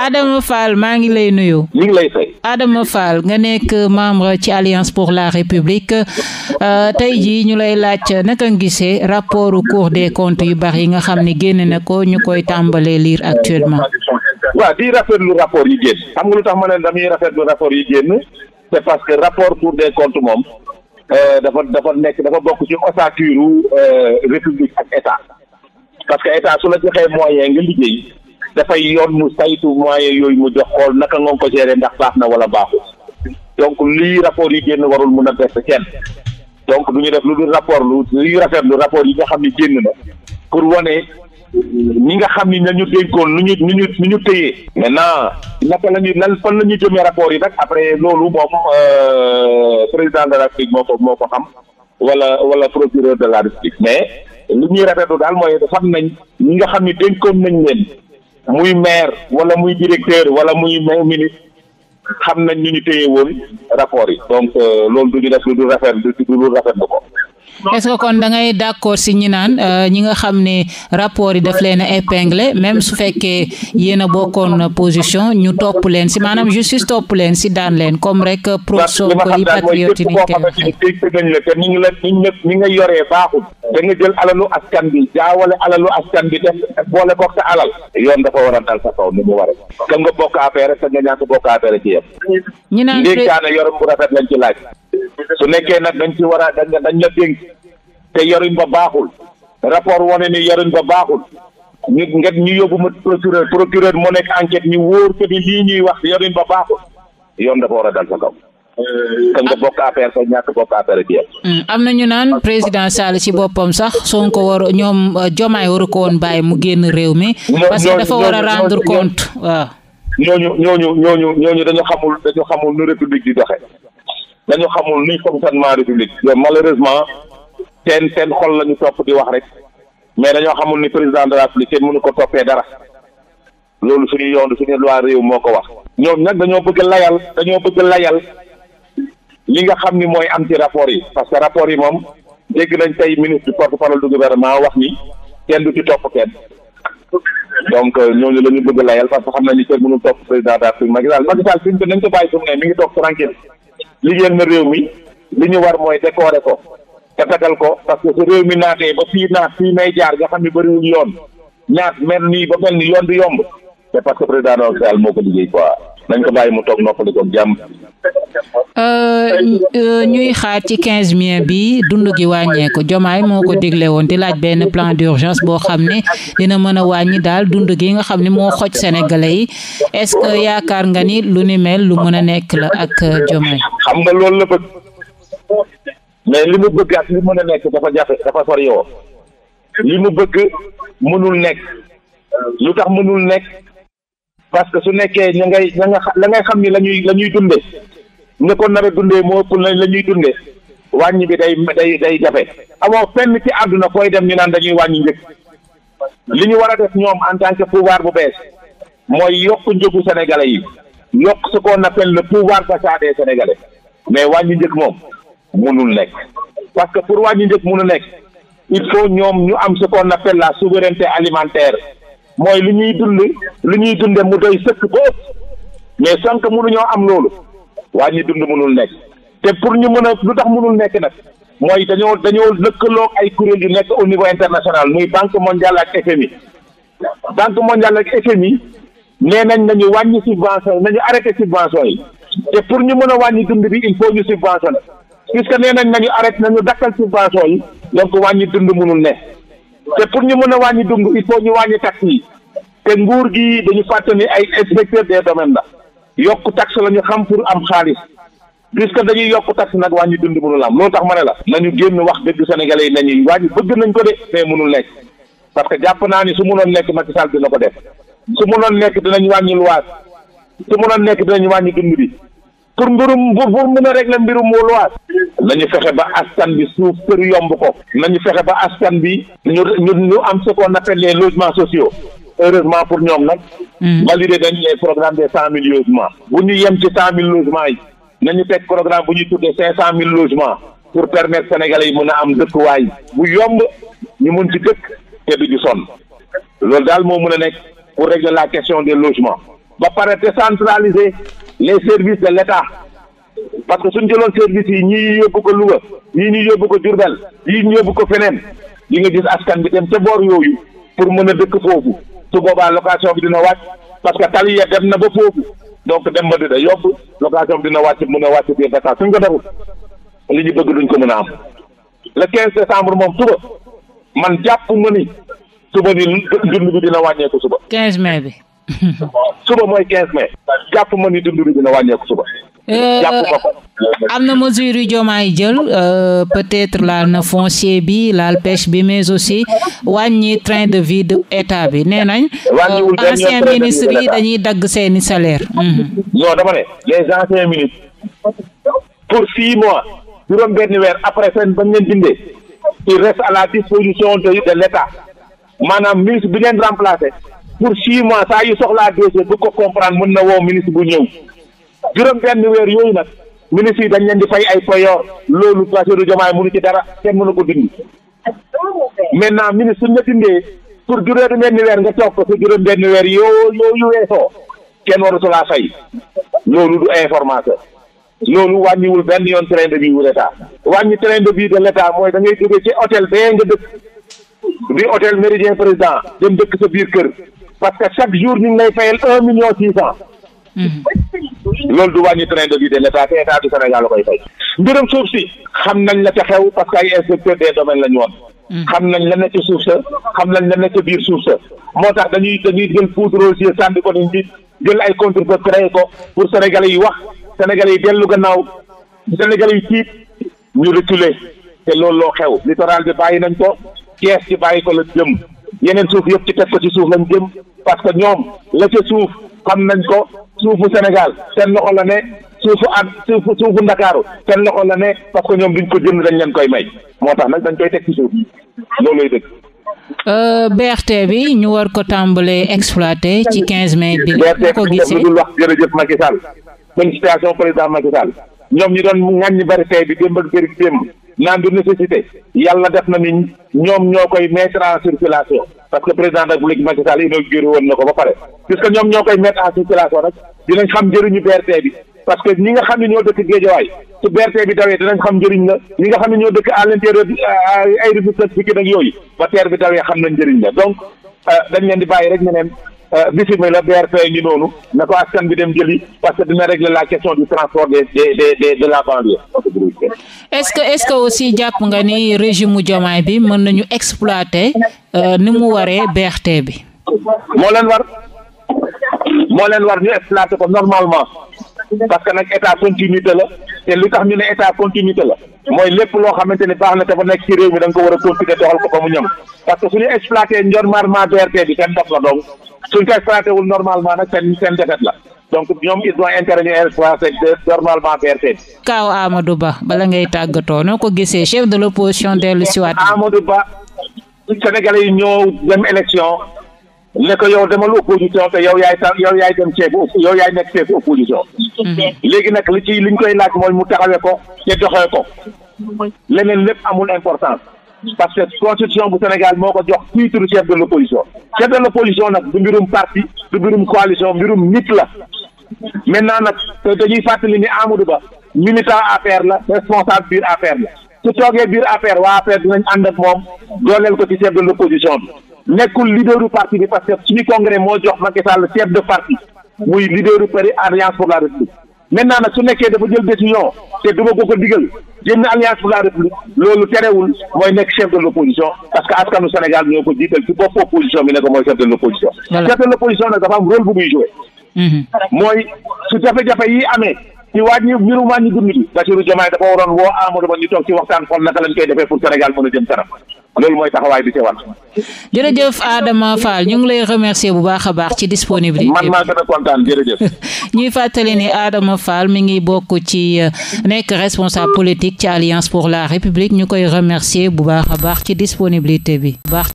Adama Fall maa ngi lay nuyu. ñu ngi lay fay. Adama Fall nga nekk membre ci Alliance pour la République euh, tey jii ñu lay laaj naka nga gisee rapport Cour des comptes yu baax yi nga xam ni génne na ko ñu koy tàmbalee lire actuellement. waa di rafetlu rapport yi génn. xam nga lu tax ma ne dañuy rafetlu rapport yi génn. c'est parce que rapport Cour des comptes moom. Euh, dafa dafa nekk dafa bokk ci ossature euh, république ak état. parce que état su la joxee moyen nga liggéey. dafay yoon mu saytu moyens yooyu mu jox xool naka nga ko gérer ndax baax na wala baaxul donc lii rapport yi génn warul mun a bett kenn donc du ñu def lu dul rapport lu luy rafetlu rapport yi nga xam ne génn na pour wane ñi nga xam ni ñu dénkoon lu ñu nu ñu nu ñu tëyee maintenant naka la ñuy lan fan la ñuy jëmee rapport yi nag après loolu moom euh, président de la République moo ko moo ko xam wala wala procureur de la République mais lu ñuy rafetlu daal mooy xam nañ xam ni nañ muy maire wala muy directeur wala muy ministre xam nañ ñu ñu téye woon rapport yi donc euh, loolu du ñu def lu du rafet du du rafet lu ko. est-ce kon da ngay d'accord si ñi naan euh, ñi nga xam ne rapport yi daf leen a épinglé même su fekkee yéen a bokkoon position ñu topp leen si maanaam justice topp leen si daan leen comme rek pro Sonko yi patriote yi niñ koy ñi nga yoree baaxul da nga jël alalu askan bi jaawale alalu askan bi def boole koog sa alal yoon dafa war a dal sa kaw ni mu war a ka nga bokk affaire sa nga ñàkk bokk affaire ci yëpp ndénkaane yorom ci laaj su nekkee nag dañ ci war a dañ dañ la dénk te yorin ba baaxul rapport wane ni yorin ba baaxul ñu nget ñu yóbbu ma procureur procureur moo nekk enquête ñu wóor ko ni lii ñuy wax yorin ba baaxul yoon dafa war a dal sa kaw. Euh, te nga bokk affaire sa ñàkk bokk affaire bi mm, am na ñu naan président Sall ci boppam sax ko war ñoom euh, Diomaye waru ko woon bàyyi mu génn réew mi. parce dafa war a rendre compte waaw. ñooñu ñooñu ñooñu ñooñu dañu xamul dañu xamul nu république di doxe dañu xamul luy fonctionnement république malheureusement seen seen xol la ñu topp di wax rek mais dañoo xamul ni président de la république kenn mënu ko toppee dara loolu suñu yoon suñu loi réew moo ko wax ñoom nag dañoo bëgg layal dañoo bëgg layal li nga xam ni mooy am ci rapport yi parce que rapport yi moom dégg nañ tey ministre porte-parole du gouvernement wax ni kenn du ci topp kenn président de la république Macky Sall ko bàyyi su mu ngi toog tranquille liggéeyal na réew mi li ñu war mooy décorer ko te tagal ko parce que su réew mi naatee ba fii naat fii may jaar nga xam ne bëriwul yoon ñaat mel nii ba mel ni yoon du yomb c'est parce que président Macky Sall moo ko liggéey quoi nañ ko bàyyi mu toog noppali ko jàmm Euh, euh, ñuy xaar ci quinze mai bi dund gi wàññeeku jomaay moo ko digle woon di laaj benn plan d'urgence boo xam ne dina mën a wàññi daal dund gi nga xam ni moo xoj sénégalais yi est yaakaar nga ni lu ni mel lu mën a nekk la ak euh, jomaay xam nga loolu la bëgg mais li mu bëgg ak li a nekk dafa mu mënul nekk lu tax mënul nekk parce su nekkee ña ngay xam ni lañuy la ñu ko nar a dundee moo ëpp nañ la ñuy dundee wàññi bi day day day jafe amoo fenn ci àdduna koy dem ñu naan dañuy wàññi njëg li ñu war a def ñoom en tant que bu bees mooy yokk njëgu sénégalais yi yokk ce qu'on appelle le pouvoir d'achat des sénégalais mais wàññi njëg moom munul nekk parce que pour wàññi njëg munul nekk il faut ñoom ñu am ce qu'on appelle la souveraineté alimentaire mooy li ñuy dund li ñuy dunde mu doy sëkk ba ëpp mais sànq mënuñoo am loolu wàññi dund mënul nekk te pour ñu mën a lu tax mënul nekk nag mooy dañoo dañoo lëkkaloo ay kuréel yu nekk au niveau international muy banque mondiale ak FMI banque mondiale ak FMI nee nañ nañu wàññi subvention nañu arrêté subvention yi te pour ñu mën a wàññi dund bi il faut ñu subventionné puisque nee nañ nañu arrêté nañu dakkal subvention yi donc wàññi dund mënul ne te pour ñu mën a wàññi dund il faut ñu wàññi tax yi te nguur gi dañu fàttani ay inspecteur des la yokk taxe la ñu xam pour am xaalis puisque dañuy yokk taxe nag wàññi dund mënul am loolu tax ma ne la na ñu génn wax dëgg sénégalais yi ñuy wàññi bëgg nañ ko de mais mënul nekk parce que jàpp naa ni su mënoon nekk ma Macky Sall dina ko def su mënoon nekk dinañ wàññi luwaas su mënoon nekk dinañu wàññi dund bi pour mbirum bu pour mën a régler mbirum luwaas nañu fexe ba askan bi suuf kër yomb ko ñu fexe ba askan bi ñu ñu am ce qu'on appelle les logements sociaux heureusement pour ñoom nag. Hmm. valider dañu les programmes des cent mille logements. bu ñu yem ci cent mille logements yi nañu teg programme bu ñu tuddee cinq cent mille logements pour permettre sénégalais yi mën a am dëkkuwaay bu yomb ñu mun ci dëkk te du ñu sonn loolu daal moo mën a nekk pour régler la question des logements. ba pare décentraliser les services de l' parce que suñ jëloon services yi ñii yóbbu ko Louga ñii ñu yóbbu ko Diourbel ñii ñu yóbbu ko feneen li nga gis askan bi dem ca boor yooyu pour mën a dëkk foofu. su boobaa location bi dina wàcc parce que tali dem na ba foofu donc dem ba dina yomb location bi dina wàcc mën a wàcc biir Dakar suñ ko deful li ñu bëgg duñ ko mën a am le quinze décembre moom suba man jàpp ma ni suba ni dund bi dina wàññeeku suba. quinze mai bi. suba mooy quinze mai. jàpp ma ni dund bi dina wàññeeku suba. Euh, am na mesure yu Diomaye jël euh, peut-être laal na foncier bi laal pêche bi mais aussi wàññi train de vie de état bi nee nañ euh, ancien ministre yi dañuy dagg seeni salaire mhm. non dama ne les anciens ministres pour six mois juróom benn weer après seen bañ leen dindee il reste à la disposition de de maanaam ministre bi leen remplacé pour six mois saa yu soxlaa dossier bu ko comprendre mën na woo ministre bu ñëw juróom benn weer yooyu nag ministre yi dañ leen di fay ay payoor loolu Bassirou Diomaye mënu ci dara kenn mënu ko dindi maintenant ministre suñ la pour juróom benn weer nga toog ko benn weer yoo yooyu weesoo kenn waratu laa fay loolu du information loolu wàññiwul benn yoon train de vie wu wàññi train de de mooy da ngay ci hôtel nga dëkk di hôtel Méridien Président dem dëkk sa biir kër parce que chaque jour ñu ngi lay fayal un million six loolu du wàññi train de vie de l' état te état du Sénégal la koy fay. mbirum suuf si xam nañ la ca xew parce que ay inspecteurs des domaines la woon. Hmm. xam nañ la ne ci suuf sa xam nañ la ne ci biir suuf sa moo tax dañuy dañuy jël poudre aux sànni ko nit jël ay contre ko créé ko pour sénégalais yi wax sénégalais yi dellu gannaaw sénégalais yi tiit ñu reculer te loolu loo xew littoral bi bàyyi nañ ko Thiès ci bàyyi ko la jëm yeneen suuf yëpp ci teg ko ci suuf lañ jëm suufu Sénégal seen loxo la ne suufu ak suufu suufu Ndakaaru seen loxo la ne parce ñoom duñ ko jënd dañ leen koy may moo tax nag dañ koy teg ci suuf loolooy euh, bi ñu war ko tàmbalee exploité ci 15 mai bi. ko gisee BRT bi wax jërëjëf Macky Sall félicitation président Macky ñoom ñu doon ŋàññi bari tey bi démb ak bëri démb naan du nécessité yàlla def na ni ñoom ñoo koy mettre en circulation parce que président de la République Macky Sall inauguré woon na ko ba pare puisque ñoom ñoo koy mettre en circulation rek dinañ xam njëriñu BRT bi parce que ñi nga xam ne ñoo dëkk Géejawaay su BRT bi dawee dinañ xam njëriñ la ñi nga xam ne ñoo dëkk à l'intérieur ay résultats bi ki nag yooyu ba teer bi dawee xam na njëriñ la donc euh, dañ leen di bàyyi rek ñeneen bisimilah euh, BRT ngi noonu na ko askan bi dem jëli parce que dina régler la question du transport des des de la banlieue. est-ce que est-ce que aussi jàpp nga ni régime mu Diomaye bi mën nañu exploiter euh, ni mu waree BRT bi. moo leen war moo leen war ñu exploiter ko normalement parce que nag état continuité la te lu tax ñu ne état continuité la mooy lépp loo xamante ni baax na te ba nekk ci réew mi da ko war a continuer doxal ko ba mu ñëw parce que suñu exploiter normalement BRT bi kenn dox suñ ko exploité wul normalement nag seen seen defet la donc ñoom ils ont intérêt ñu exploité normalement BRT bi. kaaw Amadou Ba bala ngay tàggatoo noo ko gisee chef de l' opposition dellu si waat. Amadou Ba Sénégalais yi ñoo dem élection ne yow demal opposition te yow yaay ta yow yaay dem ceebu yow yaay nekk ceebu opposition. Mhm. léegi nag li ci liñ koy laaj mooy mu taxawee ko te doxee ko. leneen lépp amul importance. parce que constitution bu Sénégal moo ko jox titre chef de l'opposition chef de l'opposition nag du mbirum parti du mbirum coalition mbirum nit la maintenant nag dañuy fàttali ni Amadou Ba militant APR la responsable biir APR la su toogee biir affaire waa APR dinañ ànd ak moom dooleel ko ci chef de l'opposition bi nekkul leaderu parti bi parce que suñu congrès moo jox Macky Sall chef de parti muy leaderu Pari Alliance pour la République maintenant nag su nekkee dafa jël décision te duma ko ko digal génn alliance pour la république loolu terewul mooy nekk chef de l' opposition parce que askanu Sénégal ñoo ko jiital ci bopp opposition bi ne ko mooy chef de l' opposition. chef de l' opposition nag dafa am rôle bu muy joué. Mhm. mooy su jafe-jafe yi amee. ci wàññi mbirum wàññi dund bi Bassirou Diomaye dafa waxtaan xool naka lañ koy defee pour Sénégal mën a loolu mooy taxawaay bi ci war. jërëjëf Adama Fall ñu ngi lay remercier bu baax a baax ci disponibilité man maa gën a ni Adama Fall mi ngi bokk ci euh, nekk responsable politique ci Alliance pour la ñu koy remercier bu baax a baax ci disponibilité bi baax.